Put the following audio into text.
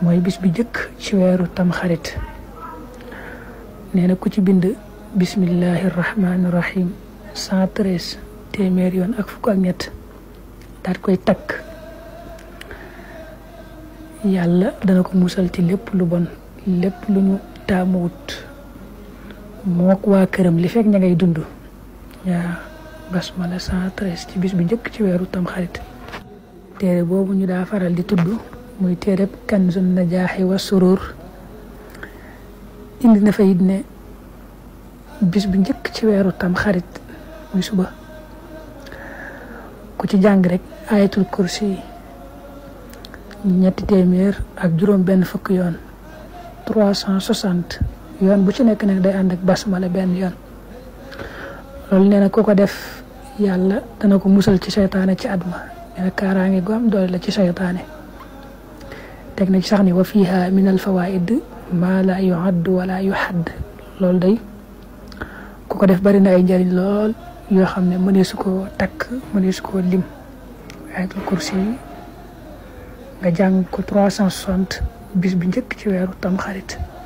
mooy bis bi jëkk ci weeru tamxarit nee na ku ci bind bismillahi rahmaani rahim cent téeméer yoon ak fukk ak ñett daat koy takk yàlla dana ko musal ci lépp lu bon lépp lu ñu taamuwut mook waa këram li fekk ña ngay dund yaa basmala cent treize ci bis bi njëkk ci weeru tamxarit téere boobu ñu daa faral di tudd muy tereb kanzun najaaxi wa surur indi na fa ne bis bu njëkk ci wéru tam xarit muy suba ku ci jàng rek ayatul kursi yi ñetti téeméer ak juróom benn fukk yoon 360 yoon bu ci nekk nag day ànd ak basmala benn yoon loolu nee na ko def yàlla dana ko musal ci seytaane ci kara ma nee na kaaraange gu ci seytaane تكنا شغني وفيها من الفوائد ما لا يعد ولا يحد لول داي كوكو ديف بارينا اي نجاري لول يو خامني موني سوكو تاك موني سوكو الكرسي غا 360 بيس بي نيك ويرو تام خريط